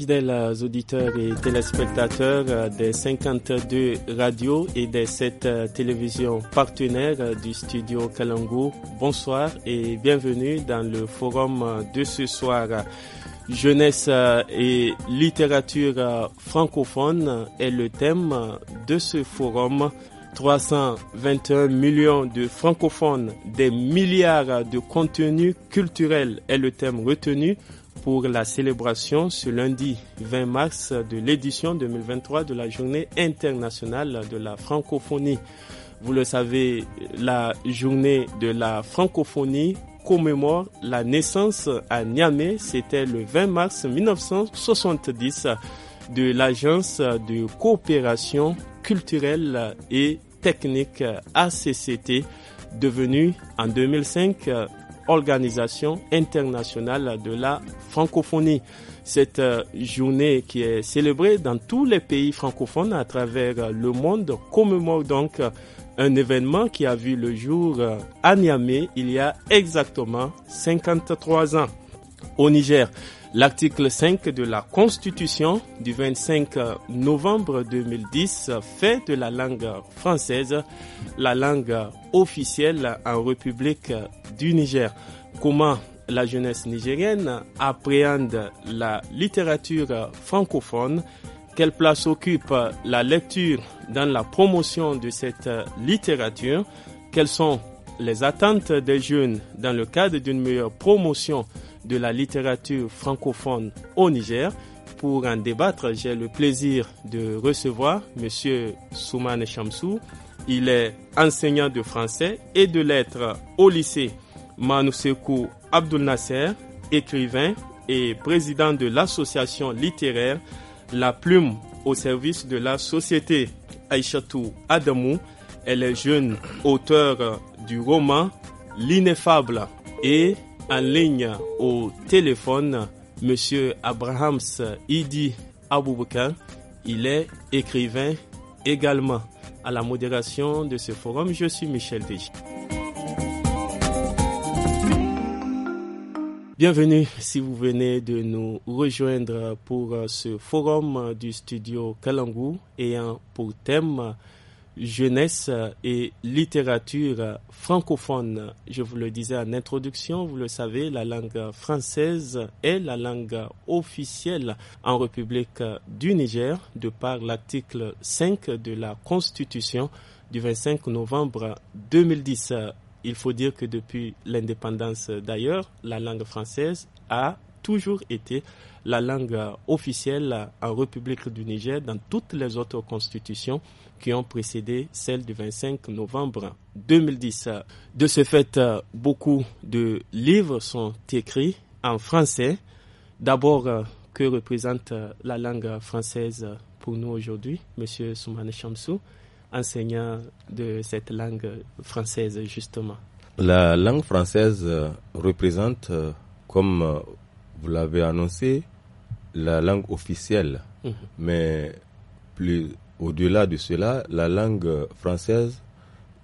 fidèles auditeurs et téléspectateurs euh, des 52 radios et des 7 euh, télévisions partenaires euh, du studio Kalangou, bonsoir et bienvenue dans le forum de ce soir. Jeunesse et littérature francophone est le thème de ce forum. 321 millions de francophones, des milliards de contenus culturels est le thème retenu pour la célébration ce lundi 20 mars de l'édition 2023 de la Journée internationale de la francophonie. Vous le savez, la Journée de la francophonie commémore la naissance à Niamey, c'était le 20 mars 1970 de l'agence de coopération culturelle et technique ACCT, devenue en 2005 organisation internationale de la francophonie. Cette euh, journée qui est célébrée dans tous les pays francophones à travers euh, le monde commémore donc euh, un événement qui a vu le jour à Niamey il y a exactement 53 ans. Au Niger, L'article 5 de la Constitution du 25 euh, novembre 2010 fait de la langue française la langue officielle en République du Niger. Comment la jeunesse nigérienne appréhende la littérature francophone quelle place occupe la lecture dans la promotion de cette littérature Quelles sont les attentes des jeunes dans le cadre d'une meilleure promotion de la littérature francophone au Niger. Pour en débattre, j'ai le plaisir de recevoir M. Soumane Chamsou. Il est enseignant de français et de lettres au lycée Manousekou Abdul Nasser, écrivain et président de l'association littéraire La Plume au service de la société Aïchatou Adamou. Elle est jeune auteur du roman L'ineffable et en ligne au téléphone Monsieur Abrahams Idi Aboubouka. Il est écrivain également. À la modération de ce forum, je suis Michel Vich. Bienvenue si vous venez de nous rejoindre pour ce forum du studio Kalangou ayant pour thème jeunesse euh, et littérature euh, francophone. Je vous le disais en introduction, vous le savez, la langue française est la langue officielle en République du Niger de par l'article 5 de la Constitution du 25 novembre 2010. Il faut dire que depuis l'indépendance d'ailleurs, la langue française a toujours été la langue officielle en République du Niger dans toutes les autres constitutions qui ont précédé celle du 25 novembre 2010. De ce fait, beaucoup de livres sont écrits en français. D'abord, que représente la langue française pour nous aujourd'hui, Monsieur Soumane Chamsou, enseignant de cette langue française justement La langue française représente, comme vous l'avez annoncé, la langue officielle. Mhm. Mais plus au-delà de cela, la langue française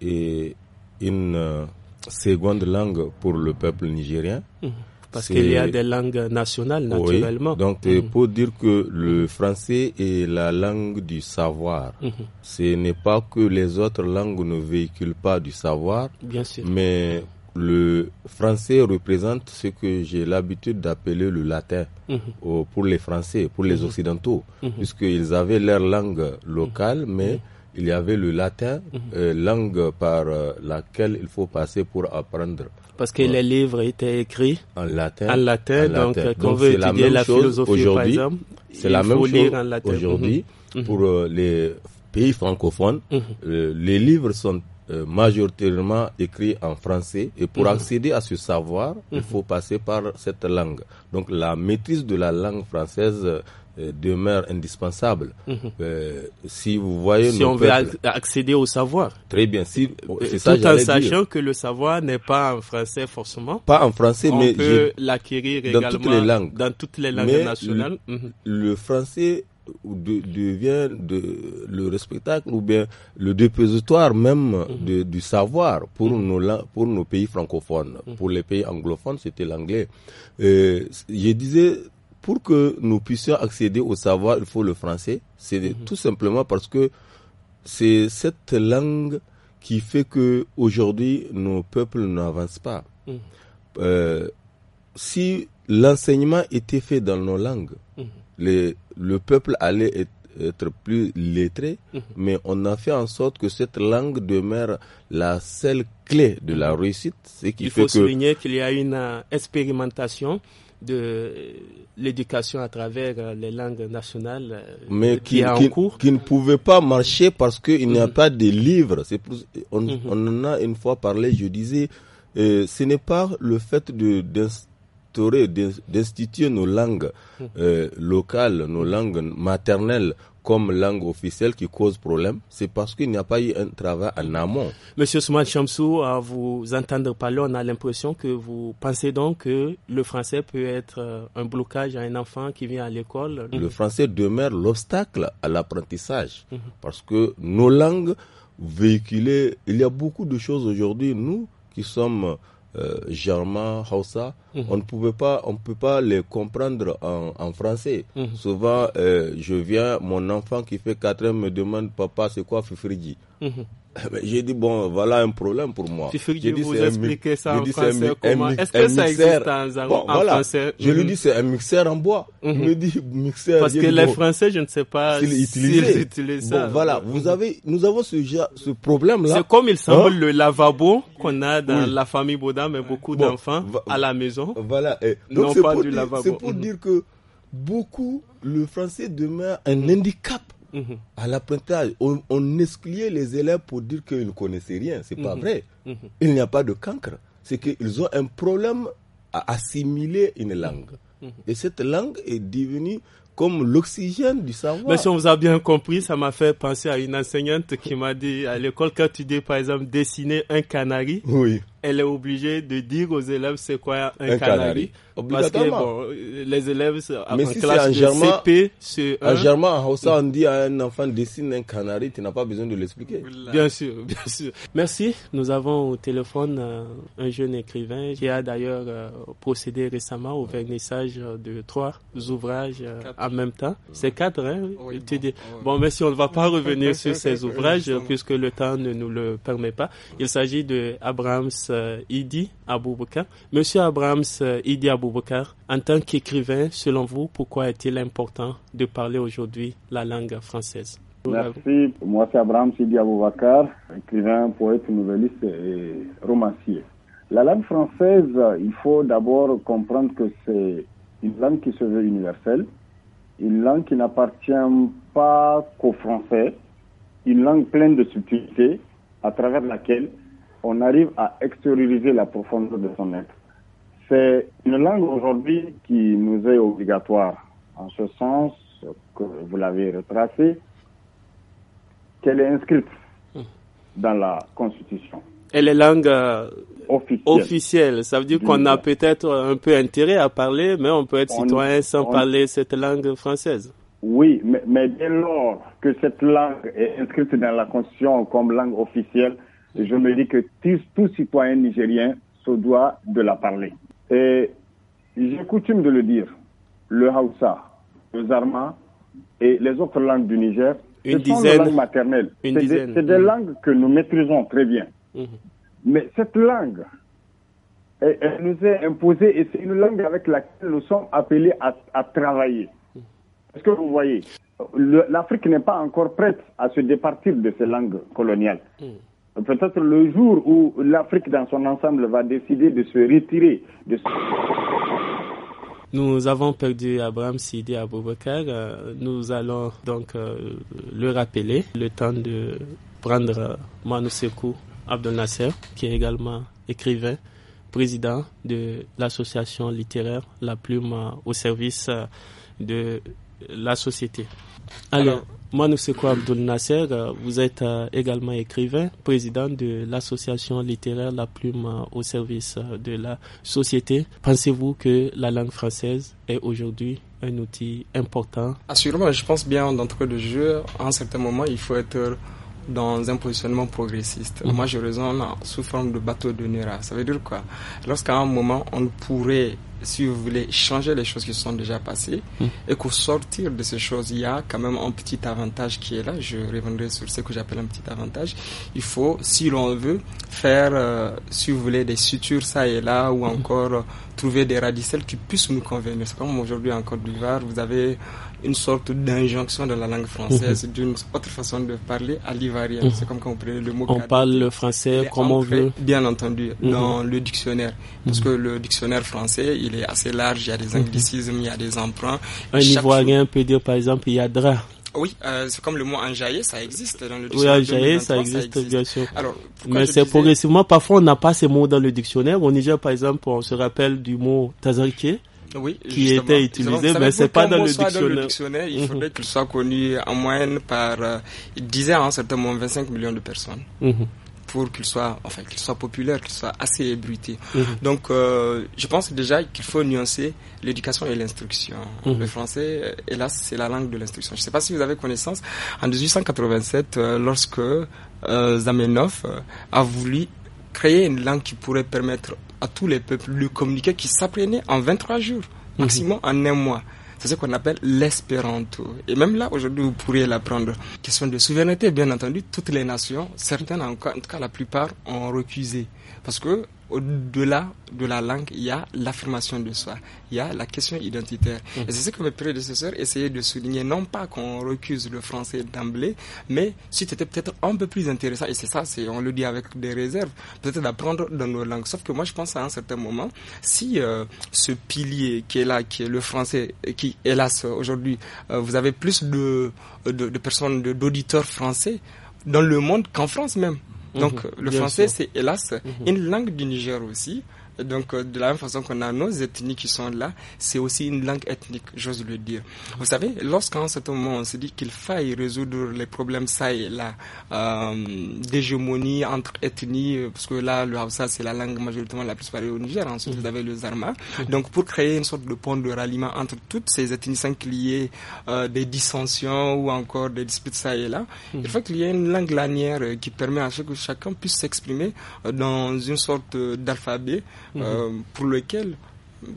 est une euh, seconde langue pour le peuple nigérien. Mhm. Parce qu'il y a des langues nationales, naturellement. donc, euh, mhm. pour dire que le français est la langue du savoir, ce n'est pas que les autres langues ne véhiculent pas du savoir, Bien sûr. mais le français représente ce que j'ai l'habitude d'appeler le latin mhm. pour les Français, pour les mhm. Occidentaux, mhm. puisqu'ils avaient leur langue locale, mais il y avait le latin, euh, langue par euh, laquelle il faut passer pour apprendre. Parce que les livres étaient écrits en latin. En latin, donc, euh, quand on veut étudier la, la philosophie, par exemple, c'est la même chose aujourd'hui pour les pays francophones. les livres sont euh, majoritairement écrit en français. Et pour mhm. accéder à ce savoir, il mhm. faut passer par cette langue. Donc la maîtrise de la langue française euh, demeure indispensable. Mhm. Euh, si vous voyez... Si on veut accéder au savoir. Très bien. Si, tout en sachant que le savoir n'est pas en français forcément. Pas en français, on mais... On peut l'acquérir également dans toutes les langues. Dans toutes les langues nationales. le français de, devient de, le spectacle ou bien le dépositoire même mhm. du savoir pour, mhm. nos, pour nos pays francophones. Mhm. Pour les pays anglophones, c'était l'anglais. Euh, je disais, pour que nous puissions accéder au savoir, il faut le français. C'est tout simplement parce que c'est cette langue qui fait que aujourd'hui nos peuples n'avancent pas. Euh, si l'enseignement était fait dans nos langues, les, le peuple allait être, plus lettré, mhm. mais on a fait en sorte que cette langue demeure la seule clé de la mhm. réussite. Ce qui Il faut souligner qu'il y a une euh, expérimentation de euh, l'éducation à travers euh, les langues nationales mais qui, en cours. qui ne pouvait pas marcher parce qu'il n'y a mhm. pas de livres. C'est on, on, en a une fois parlé, je disais, ce n'est pas le fait de, d'instituer nos langues hmm. euh, locales, nos langues maternelles comme langue officielle qui cause problème, c'est parce qu'il n'y a pas eu un travail en amont. Monsieur Souman Chamsou, à vous entendre parler, on a l'impression que vous pensez donc que le français peut être euh, un blocage à un enfant qui vient à l'école. Le français demeure l'obstacle à l'apprentissage hmm. parce que nos langues véhiculées, il y a beaucoup de choses aujourd'hui, nous qui sommes euh, germains, Mhm. On ne pouvait pas, on peut pas les comprendre en, français. Mhm. Souvent, euh, je viens, mon enfant qui fait 4 ans me demande, papa, c'est quoi Fifridi mhm. eh ben, j'ai dit, bon, voilà un problème pour moi. j'ai dit, vous expliquer ça en français, est comment ce que ça existe en, en français Je lui dis, c'est un mixeur en bois. dit, mixeur. Parce que les Français, je ne sais pas s'ils utilisent ça. Bon, voilà, vous avez, nous avons ce, ce problème-là. C'est comme il semble hein? le lavabo qu'on a dans la famille Baudin, mais beaucoup d'enfants à la maison. Voilà. donc c'est pour, mm-hmm. dire, que beaucoup, le français demeure un handicap mm-hmm. à l'apprentissage. On, on, excluait les élèves pour dire qu'ils ne connaissaient rien. C'est pas mm-hmm. vrai. Il n'y a pas de cancre. C'est qu'ils ont un problème à assimiler une langue. Et cette langue est devenue comme l'oxygène du savoir. Mais si on vous a bien compris, ça m'a fait penser à une enseignante qui m'a dit à l'école, quand tu dis par exemple dessiner un canari, oui elle est obligée de dire aux élèves c'est quoi un, canari. Parce que les élèves en si classe de CP, c'est un... En germain, on dit à un enfant dessine un canari, tu n'as pas besoin de l'expliquer. Bien sûr, bien sûr. Merci. Nous avons au téléphone euh, un jeune écrivain qui a d'ailleurs euh, procédé récemment au vernissage de trois ouvrages euh, en même temps. C'est quatre, hein bon, mais si on ne va pas revenir sur ces ouvrages, puisque le temps ne nous le permet pas, il s'agit de Abrahams euh, Idi Aboubakar. Monsieur Abrams euh, Idi Aboubakar, en tant qu'écrivain, selon vous, pourquoi est-il important de parler aujourd'hui la langue française Merci. Moi, c'est Abrams Idi Aboubakar, écrivain, poète, noveliste et romancier. La langue française, il faut d'abord comprendre que c'est une langue qui se veut universelle, une langue qui n'appartient pas qu'aux Français, une langue pleine de subtilités à travers laquelle on arrive à extérioriser la profondeur de son être. C'est une langue aujourd'hui qui nous est obligatoire, en ce sens que vous l'avez retracé, qu'elle est inscrite hmm. dans la Constitution. Elle est langue euh, officielle. Ça veut dire qu'on a peut-être un peu intérêt à parler, mais on peut être citoyen sans parler cette langue française. Oui, mais, mais, dès lors que cette langue est inscrite dans la Constitution comme langue officielle, je me dis que tout citoyen nigérien se doit de la parler. Et j'ai coutume de le dire, le Hausa, le Zarma et les autres langues du Niger, une ce sont des langues maternelles. C'est des, mmh. langues que nous maîtrisons très bien. Mmh. Mais cette langue, elle, nous est imposée et c'est une langue avec laquelle nous sommes appelés à, travailler. est que vous voyez L'Afrique n'est pas encore prête à se départir de ces langues coloniales. Mmh peut-être le jour où l'Afrique dans son ensemble va décider de se retirer de Nous avons perdu Abraham Sidi Aboubakar. Euh, nous allons donc euh, le rappeler le temps de prendre euh, Manu Abdel Nasser, qui est également écrivain, président de l'association littéraire La Plume au service de la société. Alors, moi, Alors quoi Abdul Nasser, euh, vous êtes euh, également écrivain, président de l'association littéraire La Plume euh, au service de la société. Pensez-vous que la langue française est aujourd'hui un outil important Assurément, je pense bien d'entrée de jeu. À un certain moment, il faut être dans un positionnement progressiste. Mhm. Moi, je raisonne sous forme de bateau de Nera. Ça veut dire quoi Lorsqu'à un moment, on pourrait si vous voulez, changer les choses qui sont déjà passées hmm. et qu'au sortir de ces choses, il y a quand même un petit avantage qui est là. Je reviendrai sur ce que j'appelle un petit avantage. Il faut, si l'on veut, faire, euh, si vous voulez, des sutures ça et là ou hmm. encore trouver des radicelles qui puissent nous convenir. C'est comme aujourd'hui en Côte d'Ivoire, vous avez une sorte d'injonction de la langue française, mhm. d'une autre façon de parler à l'ivarien. Mhm. C'est comme quand on prend le mot. On parle le français comme on veut. Bien entendu, mhm. dans le dictionnaire. Parce que le dictionnaire français, il est assez large, il y a des anglicismes, il y a des emprunts. Un ivoirien peut dire par exemple il y a drap. Oui, euh, c'est comme le mot enjaillé, ça existe dans le dictionnaire. Oui, enjaillé, ça, existe, bien sûr. Mais c'est progressivement, parfois on n'a pas ces mots dans le dictionnaire. Au Niger, par exemple, on se rappelle du mot tazarké oui, qui était utilisé, mais c'est pas dans le, dictionnaire. Il mhm. faudrait qu'il soit connu en moyenne par, euh, il disait certain 25 millions de personnes. Mhm. pour qu'il soit enfin qu'il soit populaire qu'il soit assez ébruité mhm. donc euh, je pense déjà qu'il faut nuancer l'éducation et l'instruction le français euh, hélas c'est la langue de l'instruction je ne sais pas si vous avez connaissance en 1887 euh, lorsque Zamenhof a voulu créer une langue qui pourrait permettre à tous les peuples le communiqué qui s'apprenait en 23 jours, maximum en un mois. C'est ce qu'on appelle l'espéranto. Et même là, aujourd'hui, vous pourriez l'apprendre. Question de souveraineté, bien entendu, toutes les nations, certaines, en tout cas la plupart, ont recusé. Parce que au-delà de la langue, il y a l'affirmation de soi, il y a la question identitaire. Mm. Et c'est ce que mes prédécesseurs essayaient de souligner, non pas qu'on recuse le français d'emblée, mais si c'était peut-être un peu plus intéressant, et c'est ça, c'est, on le dit avec des réserves, peut-être d'apprendre dans nos langues. Sauf que moi, je pense à un certain moment, si euh, ce pilier qui est là, qui est le français, qui, hélas, aujourd'hui, euh, vous avez plus de, de, de personnes, d'auditeurs français dans le monde qu'en France même. Donc, mhm, le français, c'est hélas mhm. une langue du Niger aussi donc, euh, de la même façon qu'on a nos ethnies qui sont là, c'est aussi une langue ethnique, j'ose le dire. Vous savez, lorsqu'en ce moment, on se dit qu'il faille résoudre les problèmes, ça et là, euh, d'hégémonie entre ethnies, euh, parce que là, le Hausa, c'est la langue majoritairement la plus parlée au Niger, ensuite hein, vous mm-hmm. avez le Zarma. Mm-hmm. Donc, pour créer une sorte de pont de ralliement entre toutes ces ethnies sans qu'il y ait euh, des dissensions ou encore des disputes, ça et là, mm-hmm. il faut qu'il y ait une langue lanière qui permet à ce que chacun puisse s'exprimer dans une sorte d'alphabet euh, mhm. pour lequel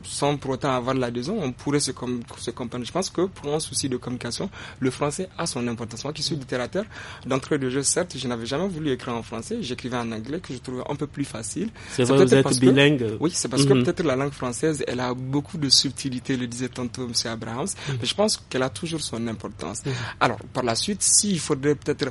sans pour autant avoir l'adhésion, on pourrait se, comprendre. Je pense que pour un souci de communication, le français a son importance. Moi qui suis mhm. littérateur, d'entrée de jeu, certes, je n'avais jamais voulu écrire en français. J'écrivais en anglais que je trouvais un peu plus facile. C'est vrai, vous êtes bilingue. oui, c'est parce que mhm. peut-être la langue française, elle a beaucoup de subtilité, le disait tantôt M. Abrahams. Mais je pense qu'elle a toujours son importance. Alors, par la suite, s'il faudrait peut-être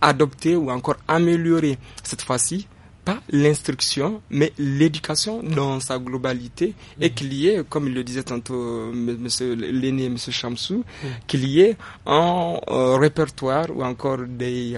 adopter ou encore améliorer cette fois-ci, pas l'instruction, mais l'éducation dans sa globalité et mm. qu'il y ait, comme il le disait tantôt monsieur l'aîné, monsieur Chamsou, mm. qu'il y ait un euh, répertoire ou encore des,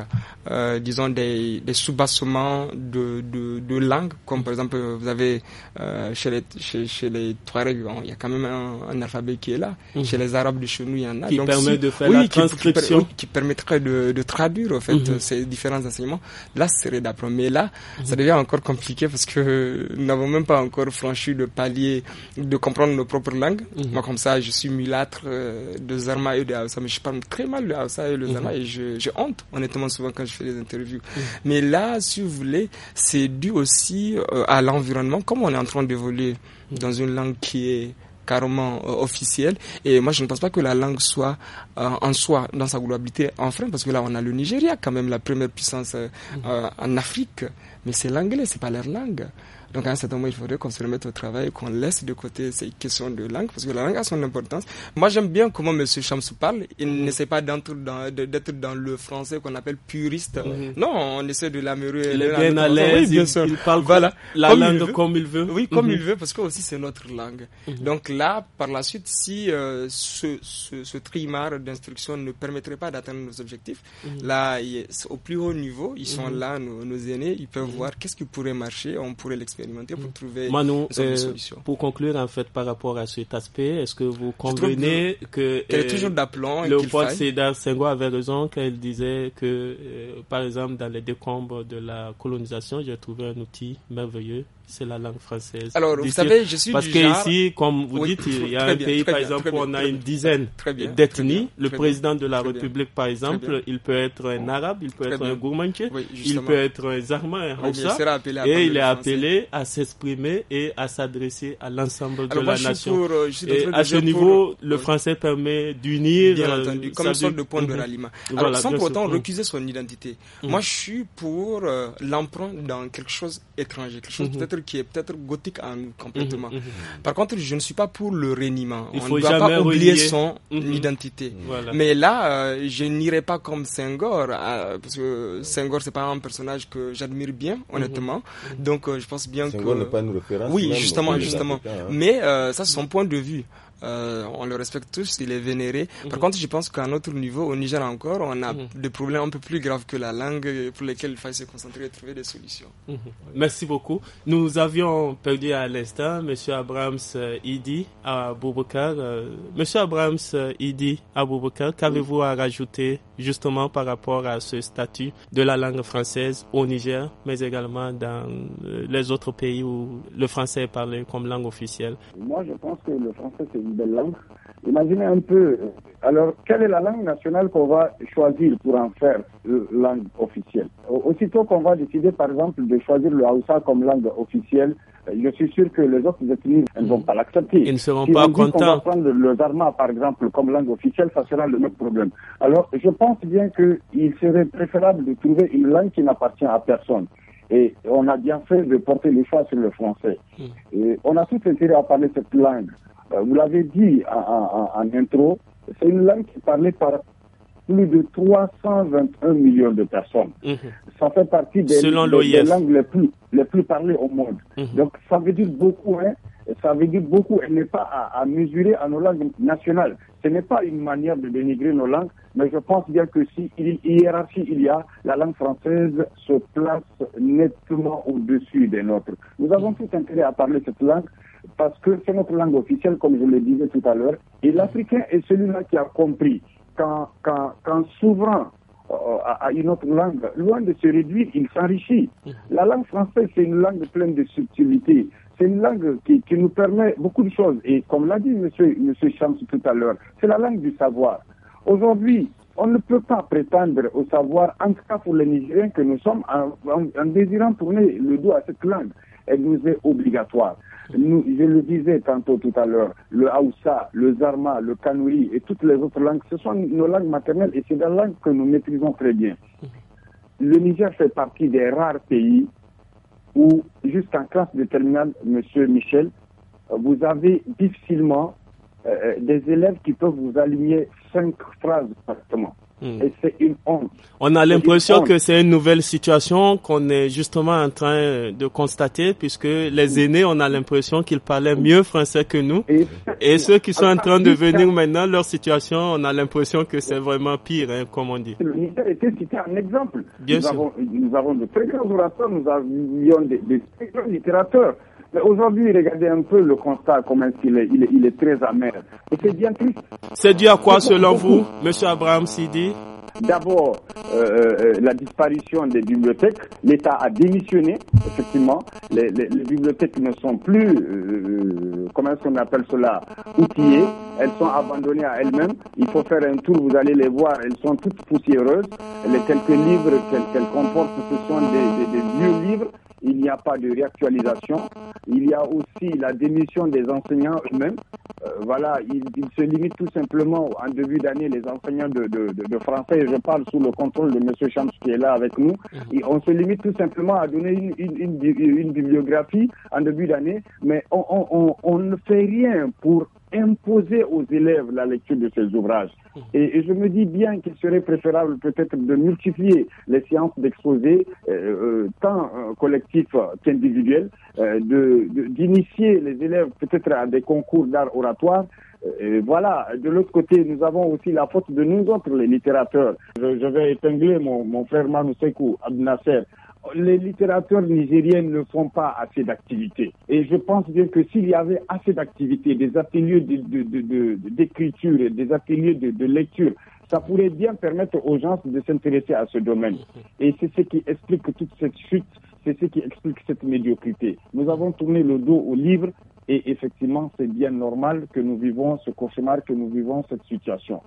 euh, disons, des, des soubassements de, de, de langues, comme mm. par exemple, vous avez euh, chez, les, chez, chez les Touaregs, il y a quand même un, un alphabet qui est là. Chez les Arabes de chez il y en a. Qui permet de faire la transcription. Qui, permettrait de, de, traduire, en fait, mm-hmm. ces différents enseignements. Là, ce serait Mais là, mm-hmm ça devient encore compliqué parce que nous n'avons même pas encore franchi le palier de comprendre nos propres langues. Mhm. Moi, comme ça, je suis mulâtre euh, de Zarma et de Hausa, mais je parle très mal de Hausa et le Zarma mhm. et j'ai honte, honnêtement, souvent quand je fais des interviews. Mhm. Mais là, si vous voulez, c'est dû aussi euh, à l'environnement, comme on est en train d'évoluer dans une langue qui est carrément euh, officielle. Et moi, je ne pense pas que la langue soit euh, en soi, dans sa globalité, en frein, parce que là, on a le Nigeria, quand même, la première puissance euh, mm. euh, en Afrique. Mais c'est l'anglais, c'est pas leur langue. Donc à un certain moment, il faudrait qu'on se remette au travail, qu'on laisse de côté ces questions de langue, parce que la langue a son importance. Moi, j'aime bien comment M. Chamsou parle. Il mhm. n'essaie pas d'être dans, le français qu'on appelle puriste. Mhm. Non, on essaie de l'améliorer. Il est bien à l'aise, il, parle voilà. la comme langue il comme il veut. Oui, comme mhm. il veut, parce que aussi c'est notre langue. Donc là, par la suite, si euh, ce, ce, trimar d'instruction ne permettrait pas d'atteindre nos objectifs, là, au plus haut niveau, ils sont là, nos, nos aînés, ils peuvent voir qu'est-ce qui pourrait marcher, on pourrait l'expérimenter pour euh, pour conclure, en fait, par rapport à cet aspect, est-ce que vous convenez que. Le euh, point Senghor avait raison quand il disait que, euh, par exemple, dans les décombres de la colonisation, j'ai trouvé un outil merveilleux c'est la langue française. Alors, vous savez, je suis Parce qu'ici que ici, comme vous dites, il y a un pays, par exemple, où on a une dizaine d'ethnies. Le président de la République, par exemple, il peut être un arabe, il peut être un gourmandier, il peut être un zarma, un Et il est appelé à s'exprimer et à s'adresser à l'ensemble de la nation. Euh, à ce niveau, le français permet d'unir. Bien euh, entendu, comme une sorte de point de ralliement. sans pour recuser son identité. Moi, mm. je suis pour euh, l'emprunt dans quelque chose étranger, quelque chose peut-être qui est peut-être gothique complètement. Mhm, mhm, mhm. Par contre, je ne suis pas pour le reniement. On ne doit pas oublier son identité. Mais là, euh, je n'irai pas comme Senghor, euh, parce que Senghor, c'est pas un personnage que j'admire bien, honnêtement. Donc, euh, je pense bien que. pas Oui, justement, justement. Hein. Mais ça, c'est son point de vue. Euh, on le respecte tous, il est vénéré. Par mhm. contre, je pense qu'à un autre niveau, au Niger encore, on a mhm. des problèmes un peu plus graves que la langue pour lesquels il faut se concentrer et trouver des solutions. Mhm. Merci beaucoup. Nous avions perdu à l'instant M. Abrams euh, Idi à Boubacar. Euh, M. Abrams Idi à Boubacar, qu'avez-vous à rajouter justement par rapport à ce statut de la langue française au Niger, mais également dans euh, les autres pays où le français est parlé comme langue officielle Moi, je pense que le français, c'est une belle langue. Imaginez un peu. Alors, quelle est la langue nationale qu'on va choisir pour en faire langue officielle Aussitôt qu'on va décider, par exemple, de choisir le Hausa comme langue officielle, euh, je suis sûr que les autres ethnies ne vont pas l'accepter. Ils ne seront pas contents. Si on va prendre le Zarma, par exemple, comme langue officielle, ça sera le même problème. Alors, je pense bien qu'il serait préférable de trouver une langue qui n'appartient à personne. Et on a bien fait de porter l'effort sur le français. Hmm. Et on a tout intérêt à parler cette langue. Euh, vous l'avez dit en, intro, c'est une langue qui est parlée par plus de 321 millions de personnes. Hmm. Ça fait partie des, langues les plus, parlées au monde. Hmm. Donc ça veut dire beaucoup. Hein ça veut dire beaucoup, elle n'est pas à, mesurer à nos langues nationales. Ce n'est pas une manière de dénigrer nos langues, mais je pense bien que si il, hiérarchie il y a, la langue française se place nettement au-dessus des nôtres. Nous avons tout intérêt à parler cette langue parce que c'est notre langue officielle, comme je le disais tout à l'heure, et l'Africain est celui-là qui a compris qu'en s'ouvrant euh, à, une autre langue. Loin de se réduire, il s'enrichit. Mmh. La langue française, c'est une langue pleine de subtilité. C'est une langue qui, nous permet beaucoup de choses. Et comme l'a dit M. Monsieur, tout à l'heure, c'est la langue du savoir. Aujourd'hui, on ne peut pas prétendre au savoir, en tout cas pour les Nigériens que nous sommes, en, désirant tourner le dos à cette langue. Elle nous est obligatoire. je le disais tantôt tout à l'heure, le Haoussa, le Zarma, le Kanouri et toutes les autres langues, ce sont nos langues maternelles et c'est la langue que nous maîtrisons très bien. Le Niger fait partie des rares pays ou en classe de terminale, Monsieur Michel, vous avez difficilement euh, euh, des élèves qui peuvent vous aligner cinq phrases par Hmm. On a l'impression que c'est une nouvelle situation qu'on est justement en train de constater, puisque les aînés, on a l'impression qu'ils parlaient mieux français que nous. Et, ceux qui sont en train de venir maintenant, leur situation, on a l'impression que c'est vraiment pire, hein, comme on dit. un exemple. nous Avons, nous avons de très grands orateurs, nous avions des, des très grands littérateurs. Mais aujourd'hui, regardez un peu le constat, comment il est, il est, est très amer. Et c'est bien triste. C'est dû à quoi, selon vous, M. Abraham Sidi D'abord, euh, euh, euh, la disparition des bibliothèques. L'État a démissionné, effectivement. Les, bibliothèques ne sont plus, comment est-ce qu'on appelle cela, outillées. Elles sont abandonnées à elles-mêmes. Il faut faire un tour, vous allez les voir. Elles sont toutes poussiéreuses. Les quelques livres qu'elles comportent, ce sont des vieux livres il n'y a pas de réactualisation. Il y a aussi la démission des enseignants eux-mêmes. Euh, voilà, ils, il se limitent tout simplement en début d'année, les enseignants de, français, je parle sous le contrôle de M. Champs qui est là avec nous, mhm. on se limite tout simplement à donner une, bibliographie en début d'année, mais on ne fait rien pour imposer aux élèves la lecture de ces ouvrages. Mhm. Et, je me dis bien qu'il serait préférable peut-être de multiplier les séances d'exposés euh, euh, tant euh, collectifs qu'individuels, d'initier les élèves peut-être à des concours d'art oratoire. voilà, de l'autre côté, nous avons aussi la faute de nous autres, les littérateurs. Je, vais épingler mon, frère Manousekou Abnasser les littérateurs nigériens ne font pas assez d'activités. Et je pense bien que s'il y avait assez d'activités, des ateliers d'écriture, de, des ateliers de lecture, ça pourrait bien permettre aux gens de s'intéresser à ce domaine. Et c'est ce qui explique toute cette chute, c'est ce qui explique cette médiocrité. Nous avons tourné le dos au livre et effectivement, c'est bien normal que nous vivons ce cauchemar, que nous vivons cette situation.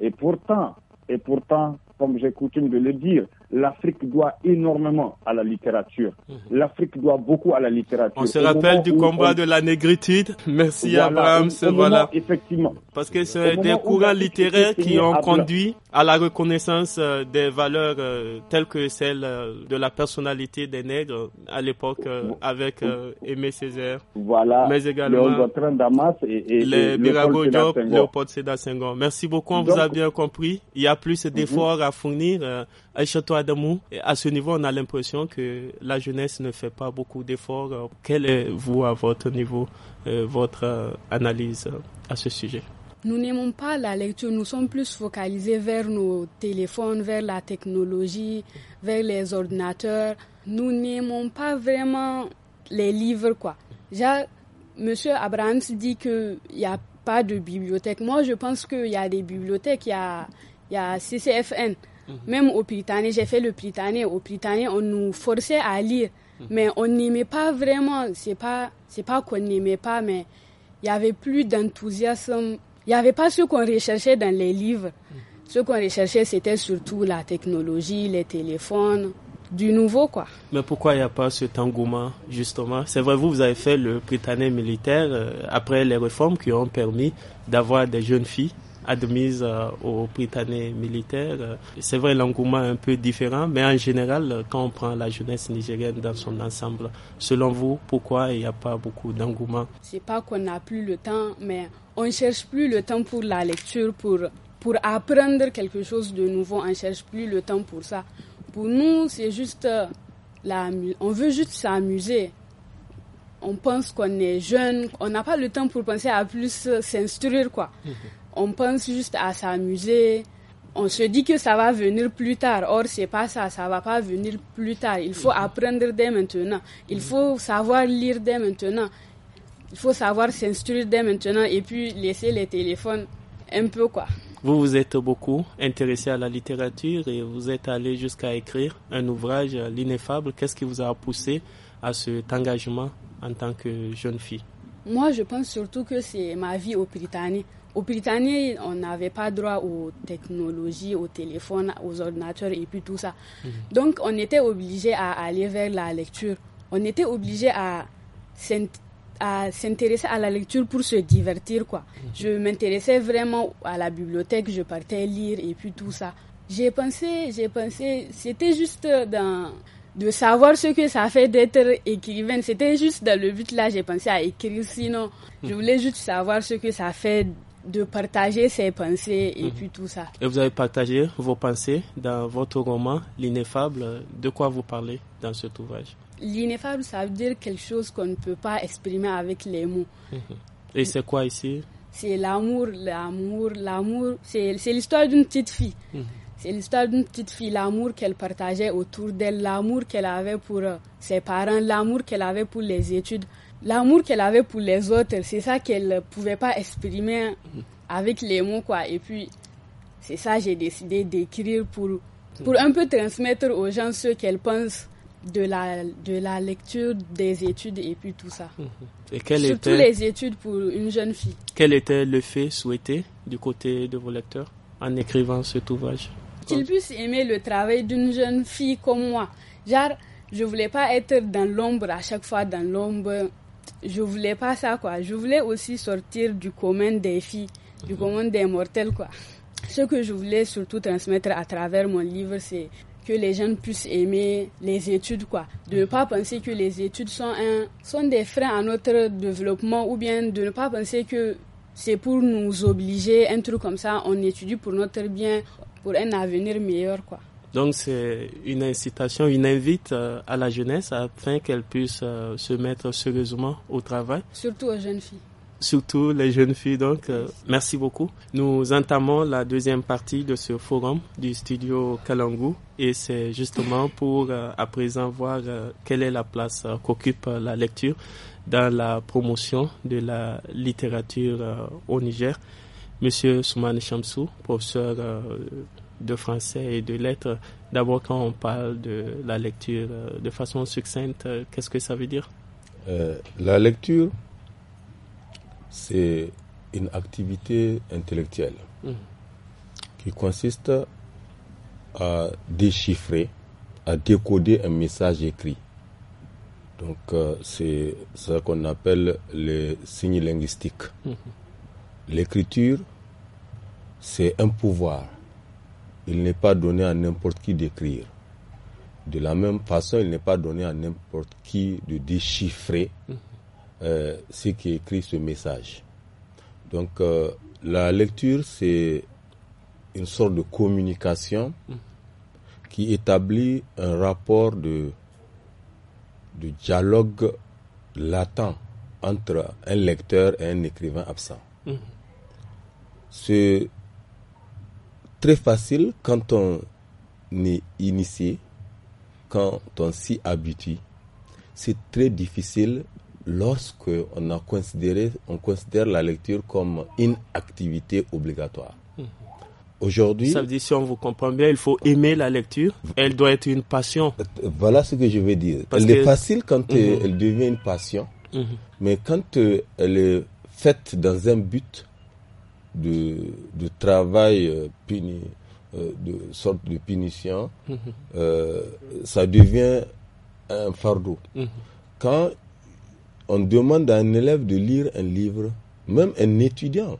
Et pourtant, et pourtant, comme j'ai coutume de le dire, l'Afrique doit énormément à la littérature. Mhm. L'Afrique doit beaucoup à la littérature. On se rappelle du combat de la négritude. Merci Abraham. voilà. effectivement. Parce que c'est des courants littéraires qui ont conduit à la reconnaissance euh, des valeurs euh, telles que celles euh, de la personnalité des nègres à l'époque avec Aimé Césaire. Voilà. Mais également le Damas et, et, Diop, Léopold Sédar Senghor. Merci beaucoup, on vous a bien compris. Il y a plus d'efforts mhm. à fournir. à fournir. Adamou, à ce niveau, on a l'impression que la jeunesse ne fait pas beaucoup d'efforts. Euh, Quelle est, vous, à votre niveau, euh, votre euh, analyse à ce sujet nous n'aimons pas la lecture, nous sommes plus focalisés vers nos téléphones, vers la technologie, vers les ordinateurs. Nous n'aimons pas vraiment les livres, quoi. Déjà, Monsieur Abrams dit qu'il n'y a pas de bibliothèque. Moi, je pense qu'il y a des bibliothèques, il y a, il y a CCFN. Mhm. Même au tané, j'ai fait le tané. Au tané, on nous forçait à lire. Mhm. Mais on n'aimait pas vraiment. C'est pas, pas qu'on n'aimait pas, mais il n'y avait plus d'enthousiasme. Il n'y avait pas ce qu'on recherchait dans les livres. Mhm. Ce qu'on recherchait, c'était surtout la technologie, les téléphones, du nouveau, quoi. Mais pourquoi il n'y a pas cet engouement, justement C'est vrai, vous, vous avez fait le Britannique militaire euh, après les réformes qui ont permis d'avoir des jeunes filles admise euh, aux Britanniques militaires. C'est vrai, l'engouement est un peu différent, mais en général, quand on prend la jeunesse nigérienne dans son ensemble, selon vous, pourquoi il n'y a pas beaucoup d'engouement C'est pas qu'on n'a plus le temps, mais on cherche plus le temps pour la lecture, pour, pour apprendre quelque chose de nouveau. On cherche plus le temps pour ça. Pour nous, c'est juste euh, la, on veut juste s'amuser on pense qu'on est jeune, on n'a pas le temps pour penser à plus euh, s'instruire, quoi. Mhm on pense juste à s'amuser. On se dit que ça va venir plus tard. Or, c'est pas ça. Ça va pas venir plus tard. Il faut apprendre dès maintenant. Il faut savoir lire dès maintenant. Il faut savoir s'instruire dès maintenant et puis laisser les téléphones un peu quoi. Vous vous êtes beaucoup intéressé à la littérature et vous êtes allé jusqu'à écrire un ouvrage, euh, L'ineffable. Qu'est-ce qui vous a poussé à cet engagement en tant que jeune fille Moi, je pense surtout que c'est ma vie au Britannique. Au Britannique, on n'avait pas droit aux technologies, aux téléphones, aux ordinateurs et puis tout ça. Mhm. Donc, on était obligé à aller vers la lecture. On était obligé à s'intéresser à la lecture pour se divertir quoi. Mhm. Je m'intéressais vraiment à la bibliothèque, je partais lire et puis tout ça. J'ai pensé, j'ai pensé, c'était juste de savoir ce que ça fait d'être écrivaine, c'était juste dans le but là, j'ai pensé à écrire sinon je mhm. voulais juste savoir ce que ça fait de partager ses pensées et mhm. puis tout ça. Et vous avez partagé vos pensées dans votre roman L'ineffable. De quoi vous parlez dans cet ouvrage L'ineffable, ça veut dire quelque chose qu'on ne peut pas exprimer avec les mots. Mhm. Et c'est quoi ici C'est l'amour, l'amour, l'amour. C'est l'histoire d'une petite fille. Mhm. C'est l'histoire d'une petite fille, l'amour qu'elle partageait autour d'elle, l'amour qu'elle avait pour euh, ses parents, l'amour qu'elle avait pour les études, l'amour qu'elle avait pour les autres, c'est ça qu'elle ne pouvait pas exprimer avec les mots, quoi. Et puis, c'est ça j'ai décidé d'écrire pour, pour un peu transmettre aux gens ce qu'elle pense de la, de la lecture, des études et puis tout ça. Mhm. Et Surtout les études pour une jeune fille. Quel était le fait souhaité du côté de vos lecteurs en écrivant cet ouvrage Qu'ils puissent aimer le travail d'une jeune fille comme moi. Genre, je voulais pas être dans l'ombre à chaque fois, dans l'ombre je voulais pas ça, quoi. Je voulais aussi sortir du commun des filles, du mhm. commun des mortels, quoi. Ce que je voulais surtout transmettre à travers mon livre, c'est que les jeunes puissent aimer les études, quoi. De ne mhm. pas penser que les études sont, un, sont des freins à notre développement ou bien de ne pas penser que c'est pour nous obliger, un truc comme ça, on étudie pour notre bien, pour un avenir meilleur, quoi. Donc c'est une incitation, une invite euh, à la jeunesse afin qu'elle puisse euh, se mettre sérieusement au travail. Surtout aux jeunes filles surtout les jeunes filles. Donc, euh, merci beaucoup. Nous entamons la deuxième partie de ce forum du studio Kalangu et c'est justement pour à présent voir quelle est la place qu'occupe la lecture dans la promotion de la littérature au Niger. Monsieur Soumane Chamsou, professeur de français et de lettres. D'abord, quand on parle de la lecture euh, de façon succincte, euh, qu'est-ce que ça veut dire euh, La lecture, c'est une activité intellectuelle mmh. qui consiste à déchiffrer, à décoder un message écrit. Donc, c'est ce qu'on appelle les signes linguistiques. Mmh. L'écriture, c'est un pouvoir il n'est pas donné à n'importe qui d'écrire. De la même façon, il n'est pas donné à n'importe qui de déchiffrer mhm. euh, ce qui écrit ce message. Donc euh, la lecture, c'est une sorte de communication mhm. qui établit un rapport de, dialogue latent entre un lecteur et un écrivain absent. Mhm très facile quand on est initié, quand on s'y habitue. C'est très difficile lorsque on a considéré, on considère la lecture comme une activité obligatoire. Mhm. Aujourd'hui, ça veut dire si on vous comprend bien, il faut aimer la lecture. Elle doit être une passion. Voilà ce que je veux dire. elle est facile quand euh, mhm. elle devient une passion, mhm. mais quand euh, elle est faite dans un but, de, de travail euh, euh, de sorte de punition, mm-hmm. euh, ça devient un fardeau. Mm-hmm. Quand on demande à un élève de lire un livre, même un étudiant,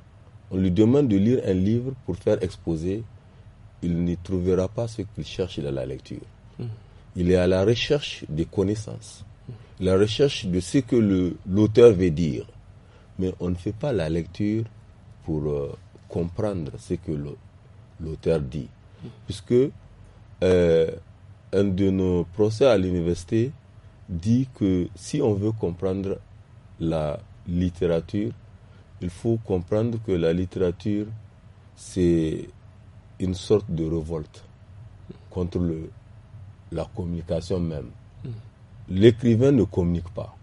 on lui demande de lire un livre pour faire exposer, il n'y trouvera pas ce qu'il cherche dans la lecture. Mm-hmm. Il est à la recherche des connaissances, la recherche de ce que l'auteur veut dire. Mais on ne fait pas la lecture pour euh, comprendre ce que l'auteur dit. Puisque euh, un de nos procès à l'université dit que si on veut comprendre la littérature, il faut comprendre que la littérature, c'est une sorte de révolte contre le, la communication même. L'écrivain ne communique pas.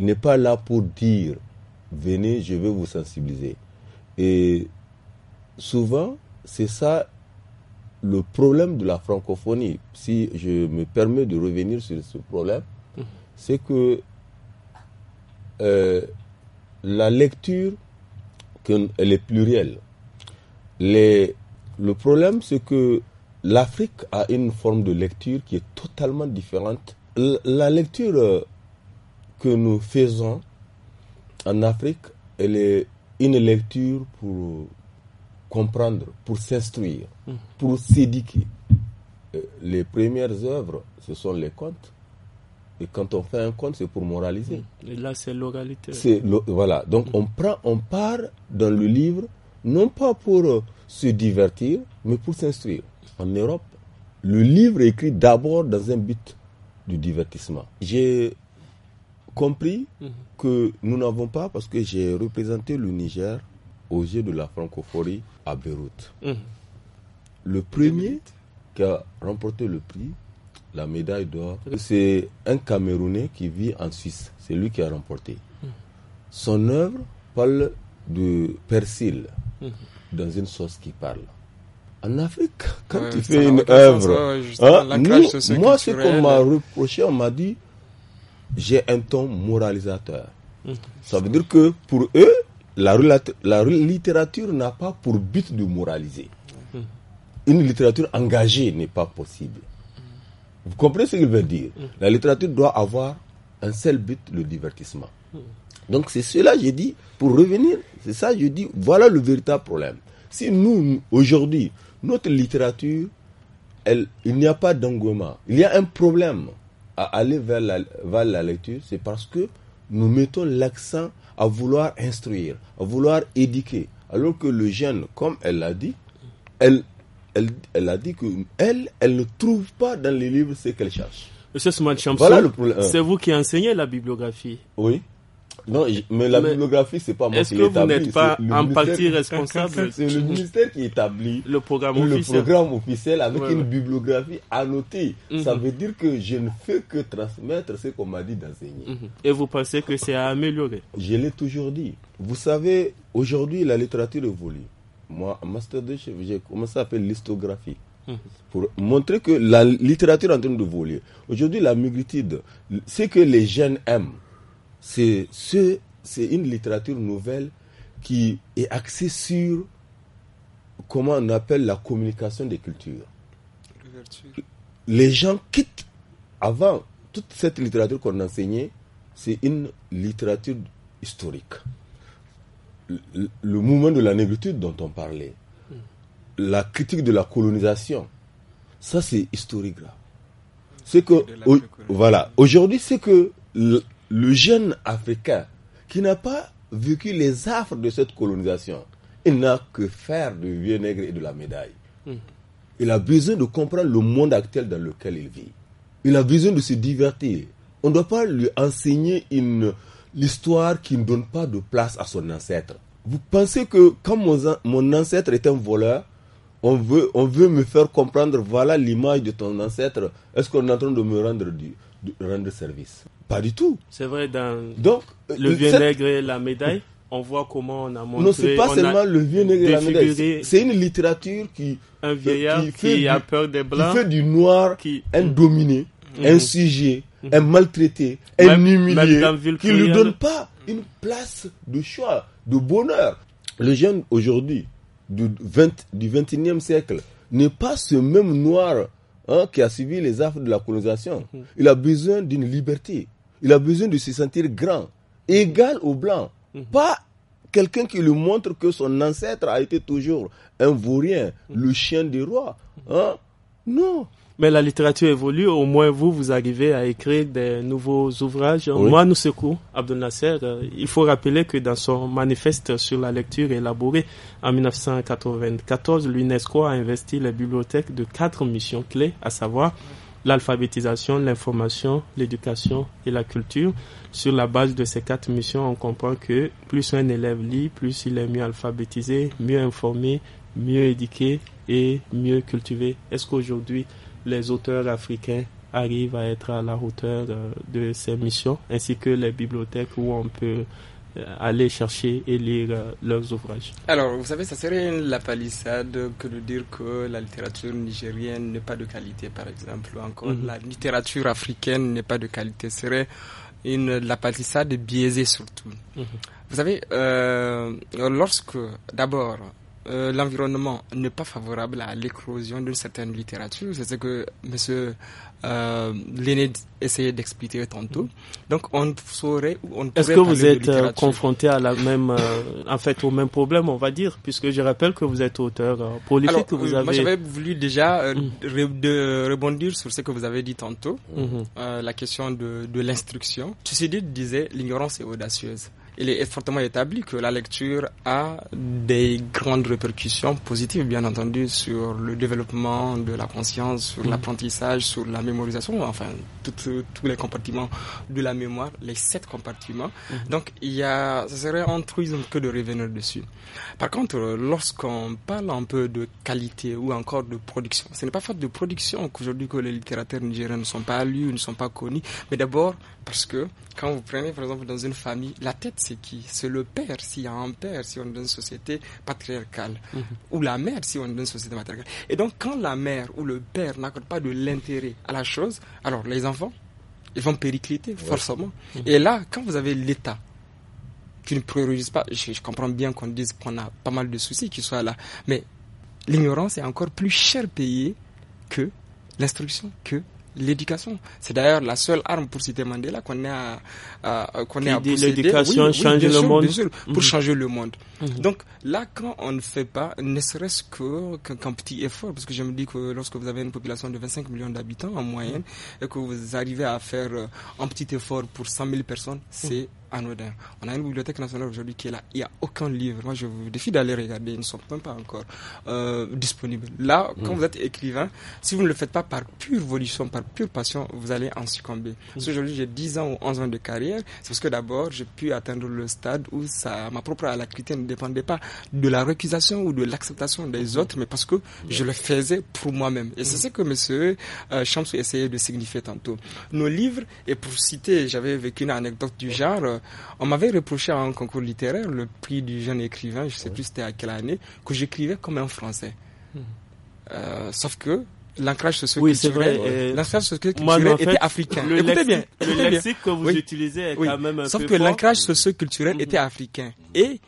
Il n'est pas là pour dire, venez, je vais vous sensibiliser. Et souvent, c'est ça le problème de la francophonie. Si je me permets de revenir sur ce problème, mhm. c'est que euh, la lecture, elle est plurielle. le problème, c'est que l'Afrique a une forme de lecture qui est totalement différente. La lecture euh, que nous faisons en Afrique, elle est une lecture pour comprendre, pour s'instruire, pour s'éduquer. Euh, les premières œuvres, ce sont les contes. Et quand on fait un conte, c'est pour moraliser. Mm. Et là, c'est l'oralité. Voilà. Donc, on, prend, on part dans le livre, non pas pour euh, se divertir, mais pour s'instruire. En Europe, le livre est écrit d'abord dans un but du divertissement. J'ai compris mhm. que nous n'avons pas, parce que j'ai représenté le Niger aux yeux de la francophonie à Beyrouth. Mhm. Le premier qui a remporté le prix, la médaille d'or, c'est un Camerounais qui vit en Suisse. C'est lui qui a remporté. Mhm. Son œuvre parle de persil dans une sauce qui parle. En Afrique, quand tu fais une œuvre, hein, moi, ce qu'on m'a reproché, on m'a dit, j'ai un ton moralisateur. Mmh. Ça veut dire que pour eux, la, la littérature n'a pas pour but de moraliser. Mmh. Une littérature engagée n'est pas possible. Mmh. Vous comprenez ce qu'il veut dire La littérature doit avoir un seul but, le divertissement. Donc c'est cela, j'ai dit, pour revenir, c'est ça, je dis, voilà le véritable problème. Si nous, aujourd'hui, notre littérature, elle, il n'y a pas d'engouement, il y a un problème à aller vers la, vers la lecture, c'est parce que nous mettons l'accent à vouloir instruire, à vouloir éduquer. Alors que le jeune, comme elle l'a dit, elle, elle, a dit que elle, elle ne trouve pas dans les livres ce qu'elle cherche. Monsieur Souman c'est vous qui enseignez la bibliographie. Oui. Non, mais la bibliographie, bibliographie, n'est pas moi est qui Est-ce que vous n'êtes pas en partie responsable C'est le ministère qui établit le programme officiel, avec une bibliographie annotée. Ça mhm. veut dire que je ne fais que transmettre ce qu'on m'a dit d'enseigner. Mhm. Et vous pensez que c'est à améliorer Je l'ai toujours dit. Vous savez, aujourd'hui, la littérature évolue. Moi, master de chef, j'ai commencé à faire l'histographie mhm. pour montrer que la littérature est en train de voler. Aujourd'hui, la migritude, c'est que les jeunes aiment c'est ce, une littérature nouvelle qui est axée sur comment on appelle la communication des cultures. Les gens quittent avant toute cette littérature qu'on enseignait, c'est une littérature historique. Le, mouvement de la négritude dont on parlait, mm. la critique de la colonisation, ça c'est historique là. Mm. C'est que, voilà, aujourd'hui c'est que le jeune africain qui n'a pas vécu les affres de cette colonisation, il n'a que faire du vieux nègre et de la médaille. Hmm. Il a besoin de comprendre le monde actuel dans lequel il vit. Il a besoin de se divertir. On ne doit pas lui enseigner une, l'histoire qui ne donne pas de place à son ancêtre. Vous pensez que comme mon, ancêtre est un voleur, on veut, on veut me faire comprendre, voilà l'image de ton ancêtre, est-ce qu'on est en train de me rendre, rendre service pas du tout. C'est vrai, dans Donc, le euh, vieux nègre et la médaille, on voit comment on a montré. Non, c'est pas seulement le vieux nègre et la médaille. C'est une littérature qui. Un vieillard euh, qui, a peur des blancs. Qui fait du noir qui... un dominé, mhm. un sujet, mhm. un maltraité, un humilié, qui ne lui donne pas une place de choix, de bonheur. Le jeune aujourd'hui, du, 20, du 21e siècle, n'est pas ce même noir Hein, qui a subi les affres de la colonisation. Mhm. Il a besoin d'une liberté. Il a besoin de se sentir grand, égal aux blancs. Mhm. Pas quelqu'un qui lui montre que son ancêtre a été toujours un vaurien, mhm. le chien du roi. Hein? Non. Mais la littérature évolue, au moins vous, vous arrivez à écrire des nouveaux ouvrages. Moi, nous secoue, Abdel Nasser, euh, il faut rappeler que dans son manifeste sur la lecture élaboré en 1994, l'UNESCO a investi les bibliothèques de quatre missions clés, à savoir l'alphabétisation, l'information, l'éducation et la culture. Sur la base de ces quatre missions, on comprend que plus un élève lit, plus il est mieux alphabétisé, mieux informé, mieux éduqué et mieux cultivé. Est-ce qu'aujourd'hui, les auteurs africains arrivent à être à la hauteur euh, de ces missions, ainsi que les bibliothèques où on peut euh, aller chercher et lire euh, leurs ouvrages. Alors, vous savez, ça serait la palissade que de dire que la littérature nigérienne n'est pas de qualité, par exemple, ou encore mhm. la littérature africaine n'est pas de qualité. Ce serait une la palissade biaisée surtout. Mhm. Vous savez, lorsque, d'abord, euh, l'environnement n'est pas favorable à l'éclosion d'une certaine littérature. C'est ce que M. Euh, Léné essayait d'expliquer tantôt. Donc, on saurait ou Est-ce que vous êtes euh, confronté à la même, euh, en fait, au même problème, on va dire, puisque je rappelle que vous êtes auteur politique que vous avez... Moi, j'avais voulu déjà mm. de rebondir sur ce que vous avez dit tantôt, mm-hmm. la question de, de l'instruction. dit disait l'ignorance est audacieuse il est fortement établi que la lecture a des grandes répercussions positives, bien entendu, sur le développement de la conscience, sur mm. l'apprentissage, sur la mémorisation, enfin, tous les compartiments de la mémoire, les sept compartiments. Mm. Donc, il y a, ce serait un truisme que de revenir dessus. Par contre, lorsqu'on parle un peu de qualité ou encore de production, ce n'est pas faute de production qu'aujourd'hui que les littérateurs nigériens ne sont pas lus, ne sont pas connus, mais d'abord, parce que quand vous prenez par exemple dans une famille, la tête c'est qui C'est le père, s'il y a un père, si on est dans une société patriarcale, mhm. ou la mère, si on est dans une société matriarcale. Et donc quand la mère ou le père n'accorde pas de l'intérêt à la chose, alors les enfants, ils vont péricliter, forcément. Mhm. Et là, quand vous avez l'État qui ne priorise pas, je, comprends bien qu'on dise qu'on a pas mal de soucis qui soient là, mais l'ignorance est encore plus cher payée que l'instruction, que l'éducation. C'est d'ailleurs la seule arme pour citer Mandela qu'on est à, qu'on est à L'éducation oui, change oui, le monde. pour mhm. changer le monde. Mhm. Donc là, quand on ne fait pas, ne serait-ce que qu'un petit effort, parce que je me dis que lorsque vous avez une population de 25 millions d'habitants en moyenne mhm. et que vous arrivez à faire euh, un petit effort pour 100 000 personnes, c'est anodin. On a une bibliothèque nationale aujourd'hui qui est là. Il n'y a aucun livre. Moi, je vous défie d'aller regarder. Ils ne sont même pas encore euh, disponibles. Là, quand hmm. vous êtes écrivain, si vous ne le faites pas par pure volition, par pure passion, vous allez en succomber. Mmh. Aujourd'hui, j'ai 10 ans ou 11 ans de carrière. C'est parce que d'abord, j'ai pu atteindre le stade où ça, ma propre alacrité ne dépendait pas de la récusation ou de l'acceptation des hmm. autres, mais parce que hmm. je le faisais pour moi-même. Et c'est ce que monsieur euh, Chamsou essayait de signifier tantôt. Nos livres, et pour citer, j'avais vécu une anecdote du genre, on m'avait reproché à un concours littéraire le prix du jeune écrivain, je sais plus c'était à quelle année, que j'écrivais comme un français. Hmm. Euh, sauf que l'ancrage socio-culturel euh, était africain le écoutez que vous utilisez est quand même un sauf que l'ancrage hmm. socio-culturel était hmm. africain et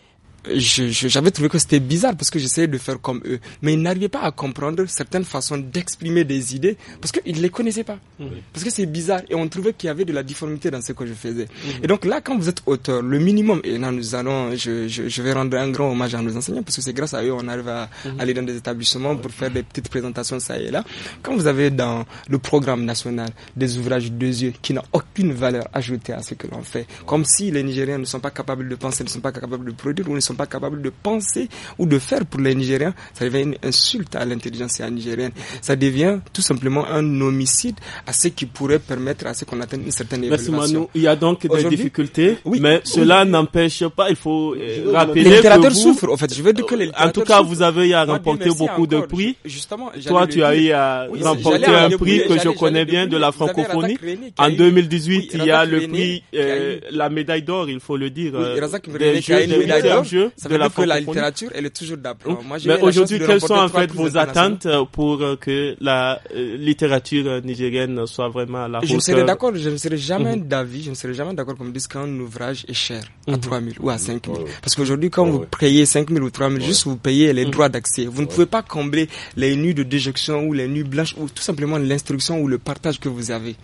j'avais trouvé que c'était bizarre parce que j'essayais de faire comme eux. Mais ils n'arrivaient pas à comprendre certaines façons d'exprimer des idées parce qu'ils ne les connaissaient pas. Mhm. Parce que c'est bizarre et on trouvait qu'il y avait de la difformité dans ce que je faisais. Mhm. Et donc là, quand vous êtes auteur, le minimum, et là nous allons, je, je, vais rendre un grand hommage à nos enseignants parce que c'est grâce à eux on arrive à mhm. aller dans des établissements pour faire des petites présentations ça et là. Quand vous avez dans le programme national des ouvrages de yeux qui n'ont aucune valeur ajoutée à ce que l'on fait, comme si les Nigériens ne sont pas capables de penser, ne sont pas capables de produire ou pas capable de penser ou de faire pour les Nigériens, ça devient une insulte à l'intelligence nigérienne. Ça devient tout simplement un homicide à ce qui pourrait permettre à ce qu'on atteigne une certaine évolution. Merci Manu. Il y a donc des difficultés, mais cela n'empêche pas, il faut rappeler euh, rappeler les littérateurs souffrent, en fait. Je veux dire que En tout cas, vous avez à remporter beaucoup de prix. Justement, Toi, tu as eu à remporter un prix que je connais bien de la francophonie. En 2018, il y a le prix, euh, la médaille d'or, il faut le dire, euh, des d'or ça la que la littérature, elle est toujours d'après. Mais aujourd'hui, quelles sont en fait vos attentes pour euh, que la euh, littérature euh, nigérienne soit vraiment à la Je serais d'accord, je ne serais jamais mhm. d'avis, je ne serais jamais d'accord qu'on me dise qu'un ouvrage est cher à 3000 mhm. ou à 5000 000. Parce qu'aujourd'hui, quand vous payez 5000 ou 3 000, juste vous payez les mhm. droits d'accès. Vous ne pouvez pas combler les nuits de déjection ou les nuits blanches ou tout simplement l'instruction ou le partage que vous avez.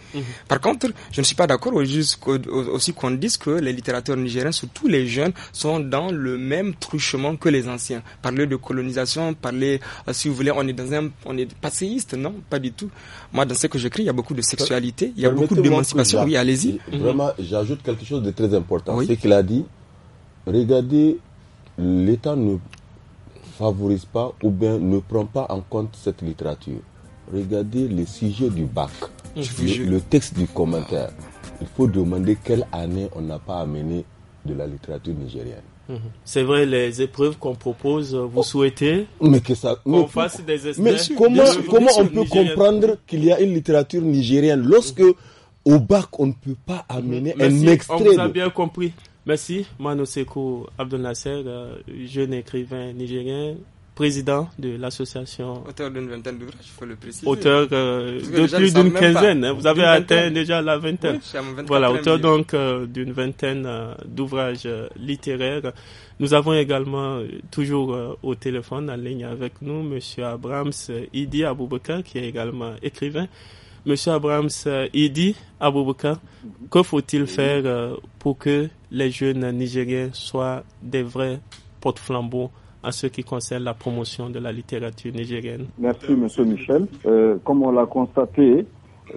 Par contre, je ne suis pas d'accord aussi qu'on dise que les littérateurs nigériens, surtout les jeunes, sont dans le même truchement que les anciens. Parler de colonisation, parler, euh, si vous voulez, on est dans un, on est passéiste, non, pas du tout. Moi, dans ce que j'écris, il y a beaucoup de sexualité, il y a beaucoup d'émancipation. Oui, allez-y. Vraiment, j'ajoute quelque chose de très important. Ce qu'il a dit, regardez, l'État ne favorise pas ou bien ne prend pas en compte cette littérature. Regardez les sujets du bac, le, le texte du commentaire. Il faut demander quelle année on n'a pas amené de la littérature nigérienne. C'est vrai, les épreuves qu'on propose, euh, vous oh. souhaitez mais que ça, qu'on fasse des essais. Mais comment, on peut comprendre qu'il y a une littérature nigérienne lorsque au bac on ne peut pas mhm. amener un extrait On vous a bien compris. Merci, Manoseko Abdel Nasser, euh, jeune écrivain nigérien, président de l'association. Auteur d'une vingtaine d'ouvrages, il faut le préciser. Auteur euh, de plus d'une quinzaine. Hein. vous avez atteint déjà la vingtaine. voilà, auteur donc euh, d'une vingtaine euh, d'ouvrages littéraires. Nous avons également toujours au téléphone en ligne avec nous Monsieur Abrams Idi Aboubakar, qui est également écrivain. Monsieur Abrams Idi Aboubakar, que faut-il faire pour que les jeunes Nigériens soient des vrais porte-flambeaux à ce qui concerne la promotion de la littérature nigérienne. Merci, Monsieur Michel. Euh, comme on l'a constaté,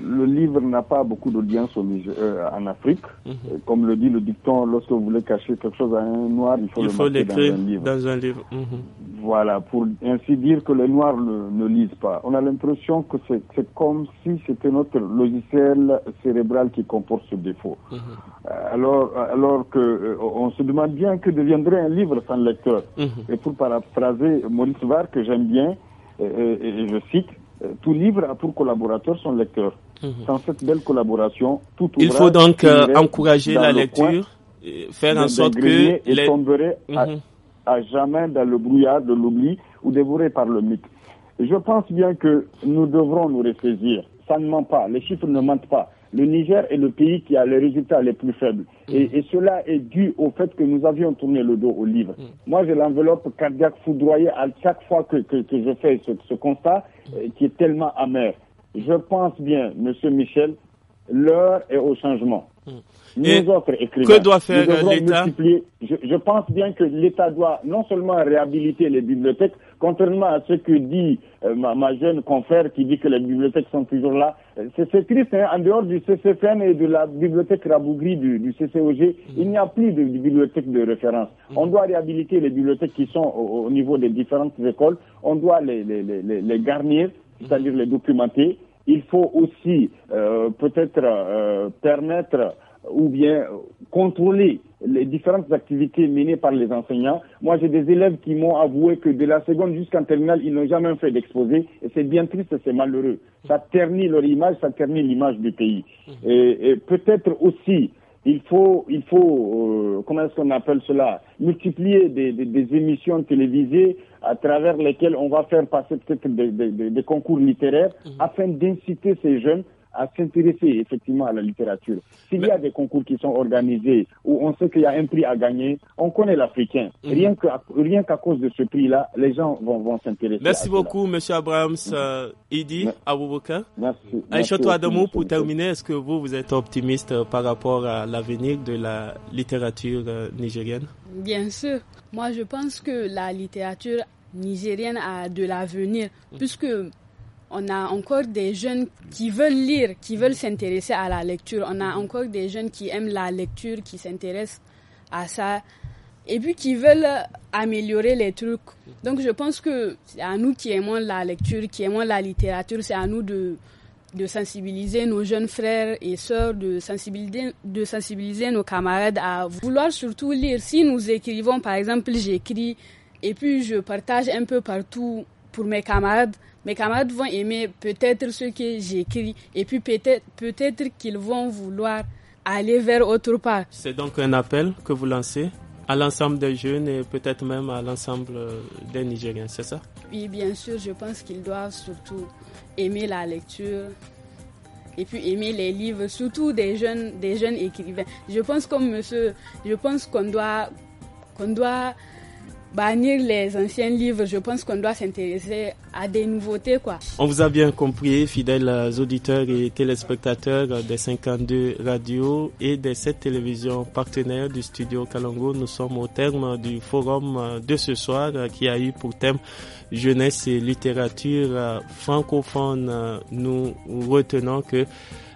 le livre n'a pas beaucoup d'audience euh, en Afrique. Mhm. Euh, comme le dit le dicton, lorsque vous voulez cacher quelque chose à un noir, il faut le l'écrire dans, un livre. Mhm. Voilà, pour ainsi dire que les noirs ne lisent pas. On a l'impression que c'est comme si c'était notre logiciel cérébral qui comporte ce défaut. Mhm. Euh, alors, alors que on se demande bien que deviendrait un livre sans lecteur. Et pour paraphraser Maurice Var, que j'aime bien, et je cite, euh, tout livre a pour collaborateur son lecteur. Mhm. Sans cette belle collaboration, tout Il faut donc euh, encourager la lecture, faire en sorte que... Et les... tomberait à, mhm. à, jamais dans le brouillard de l'oubli ou dévoré par le mythe. Je pense bien que nous devrons nous ressaisir. Ça ne ment pas, les chiffres ne mentent pas le Niger est le pays qui a les résultats les plus faibles. Mm. Et, cela est dû au fait que nous avions tourné le dos au livre. Mm. Moi, j'ai l'enveloppe cardiaque foudroyée à chaque fois que, je fais ce, constat mm. euh, qui est tellement amer. Je pense bien, Monsieur Michel, l'heure est au changement. Que doit faire l'État je, pense bien que l'État doit non seulement réhabiliter les bibliothèques, contrairement à ce que dit euh, ma, jeune confrère qui dit que les bibliothèques sont toujours là. Euh, c'est triste, hein, en dehors du CCFN et de la bibliothèque Rabougri du, CCOG, mm. il n'y a plus de, bibliothèque de référence. Mm. On doit réhabiliter les bibliothèques qui sont au, niveau des différentes écoles, on doit les, les, garnir, mm. c'est-à-dire les documenter. Il faut aussi euh, peut-être permettre ou bien contrôler les différentes activités menées par les enseignants. Moi, j'ai des élèves qui m'ont avoué que de la seconde jusqu'en terminale, ils n'ont jamais fait d'exposé. Et c'est bien triste, c'est malheureux. Ça ternit leur image, ça ternit l'image du pays. Mmh. Et, peut-être aussi, il faut, il faut euh, comment est-ce qu'on appelle cela, multiplier des, émissions télévisées à travers lesquelles on va faire passer peut-être des, concours littéraires mmh. afin d'inciter ces jeunes à s'intéresser effectivement à la littérature. S'il y a des concours qui sont organisés où on sait qu'il y a un prix à gagner, on connaît l'Africain. Mhm. Rien qu'à rien qu'à cause de ce prix-là, les gens vont, vont s'intéresser. Merci beaucoup, M. Abrams, mhm. euh, Idi, Aboubouka. Merci. à Adamou, pour terminer, est-ce que vous, vous êtes optimiste euh, par rapport à l'avenir de la littérature euh, nigérienne Bien sûr. Moi, je pense que la littérature nigérienne a de l'avenir, mhm. puisque on a encore des jeunes qui veulent lire, qui veulent s'intéresser à la lecture. On a mhm. encore des jeunes qui aiment la lecture, qui s'intéressent à ça, et puis qui veulent améliorer les trucs. Donc je pense que c'est à nous qui aimons la lecture, qui aimons la littérature, c'est à nous de, de sensibiliser nos jeunes frères et sœurs, de sensibiliser, de sensibiliser nos camarades à vouloir surtout lire. Si nous écrivons, par exemple, j'écris et puis je partage un peu partout pour mes camarades, mes camarades vont aimer peut-être ce que j'écris et puis peut-être peut-être qu'ils vont vouloir aller vers autre part. C'est donc un appel que vous lancez à l'ensemble des jeunes et peut-être même à l'ensemble euh, des Nigériens, c'est ça Oui, bien sûr, je pense qu'ils doivent surtout aimer la lecture et puis aimer les livres, surtout des jeunes, des jeunes écrivains. Je pense comme monsieur, je pense qu'on doit, qu'on doit bannir les anciens livres, je pense qu'on doit s'intéresser à des nouveautés. Quoi. On vous a bien compris, fidèles auditeurs et téléspectateurs des 52 radios et des 7 télévisions partenaires du studio Kalongo. Nous sommes au terme du forum de ce soir qui a eu pour thème jeunesse et littérature francophone. Nous retenons que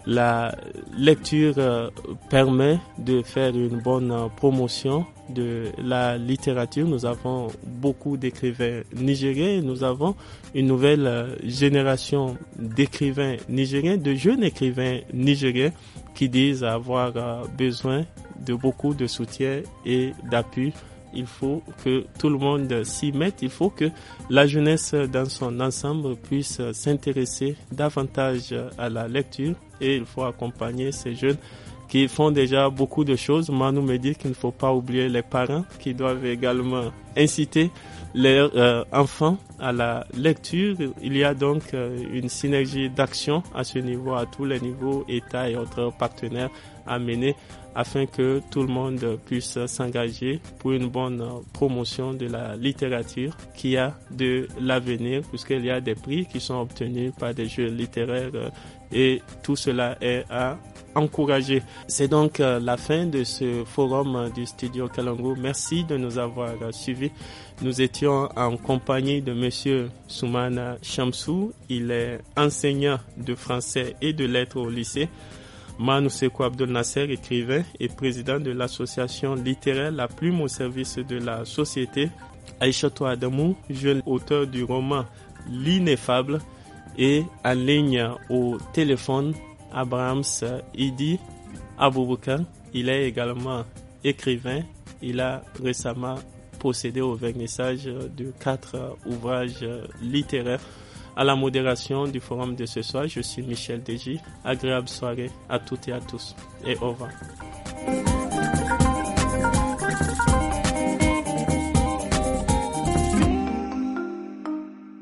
la lecture permet de faire une bonne promotion de la littérature. Nous avons beaucoup d'écrivains nigériens. Nous avons une nouvelle euh, génération d'écrivains nigériens, de jeunes écrivains nigériens qui disent avoir euh, besoin de beaucoup de soutien et d'appui. Il faut que tout le monde s'y mette. Il faut que la jeunesse dans son ensemble puisse euh, s'intéresser davantage à la lecture et il faut accompagner ces jeunes qui font déjà beaucoup de choses. Manu me dit qu'il ne faut pas oublier les parents qui doivent également inciter leurs euh, enfants à la lecture. Il y a donc euh, une synergie d'action à ce niveau, à tous les niveaux, État et autres partenaires à mener afin que tout le monde puisse s'engager pour une bonne euh, promotion de la littérature qui a de l'avenir puisqu'il y a des prix qui sont obtenus par des jeux littéraires et tout cela est à c'est donc euh, la fin de ce forum euh, du studio Kalango. Merci de nous avoir euh, suivis. Nous étions en compagnie de monsieur Soumana Chamsou. Il est enseignant de français et de lettres au lycée. Manou Sekou Abdel Nasser, écrivain et président de l'association littéraire La Plume au service de la société. Aïchato Adamou, jeune auteur du roman L'ineffable et en ligne au téléphone Abrahams Idi Aboubouka. Il est également écrivain. Il a récemment procédé au vernissage de quatre ouvrages littéraires. À la modération du forum de ce soir, je suis Michel Deji. Agréable soirée à toutes et à tous et au revoir.